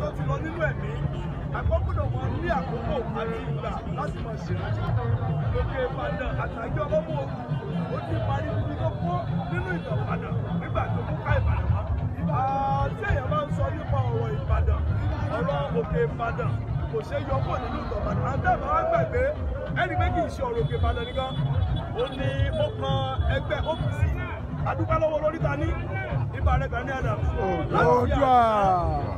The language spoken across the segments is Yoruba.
tó ti lọ nínú ẹ̀mí àkọ́kùnrin wọn ní àkókò àti ìgbà láti mọ̀ ṣèrántí lókè ìbàdàn àtàjọ ọlọ́mọ ogun ó ti parí ibi tó kó nínú ìtàn ìbàdàn nígbà tó kó ká ìbàdàn mọ́. àti èèyàn máa ń sọ nípa ọ̀rọ̀ ìbàdàn ọ̀rọ̀ òkè ìbàdàn kò ṣeé yọ kó nínú ìtàn ìbàdàn àtàbà wá gbàgbé ẹni pé kì í ṣe ọ̀rọ̀ òkè ìbàdàn nìkan ó ní ó kan ẹgbẹ́ ó fi sí adúpẹ́ lọ́wọ́ lórí ta ní ibà rẹ̀ kan ní ẹ̀nà. òdùà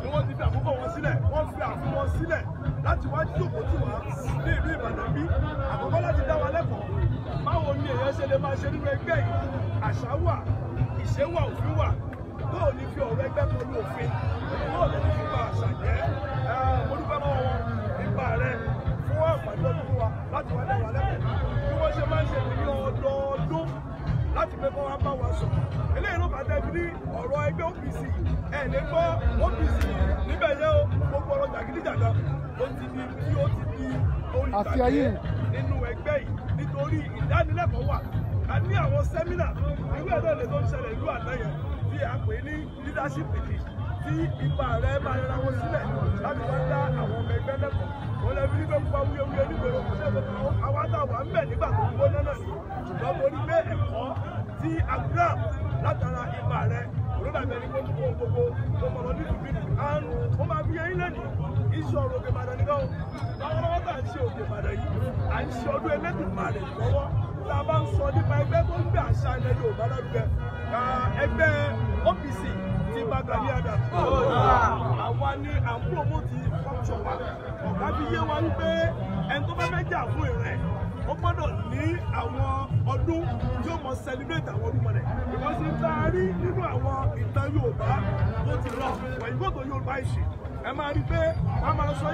ni wọ́n ti fi àkókò wọn sílẹ̀ wọ́n fi àfin wọn sílẹ̀ láti wá jókòó tì wá ní ìlú Ìbàdàn bí àkọ́kọ́ láti dá wa lẹ́kọ̀ọ́ báwo ni èèyàn ṣe lè máa ṣe nínú ẹgbẹ́ yìí àṣà wà ìṣe wà òfin wà láti pé kó wá bá wa sọ eléyìí ló bá tẹbi ní ọ̀rọ̀ ẹgbẹ́ OPC ẹ̀ lè gbọ́ OPC níbẹ̀ yẹ o gbogbo ọ̀rọ̀ jàgídíjàgan ó ti di kí ó ti di olùtàgé nínú ẹgbẹ́ yìí nítorí ìdánilẹ́kọ̀ọ́ wà a ní àwọn sẹ́mínà irú ẹ̀rọ ìlẹ̀ tó ń ṣẹlẹ̀ ìlú àtẹ̀yẹ tí a pè ní leadership tí ipa rẹ̀ máa rẹra wọn sílẹ̀ láti wá dá àwọn ọmọ ẹgbẹ́ lẹ́kọ̀ọ́ wọn lẹ́bi sí àdúrà látara ipa rẹ olódàbẹ̀ ní kó gbogbo tó mọ̀ lọ ní ìlú àrùn ó máa fi yẹn lẹ́nu ìṣòro òkè ìbàdàn nìkan lọ́wọ́lọ́wọ́ tá à ń ṣe òkè ìbàdàn yìí à ń ṣe ọdún Ẹlẹ́dùmarè lọ́wọ́ tá a bá ń sọ nípa ẹgbẹ́ tó ń gbé àṣà ilẹ̀ Yorùbá lọ́dún ẹgbẹ́ OPC ti bá Gani Adams àwa ni à ń promote culture wa ọ̀gá fi yé wa ń pé ẹni tó bá fẹ́ jà fún ìrẹ̀ ó gbọ́dọ̀ ní àwọn ọdún tí ó mọ̀ celebrate àwọn Olúmọlẹ̀ because n ta rí nínú àwọn ìtàn Yorùbá tó ti lọ wẹ̀yìn gbọ́dọ̀ Yorùbá ìṣe ẹ máa rí pé wọ́n máa sọ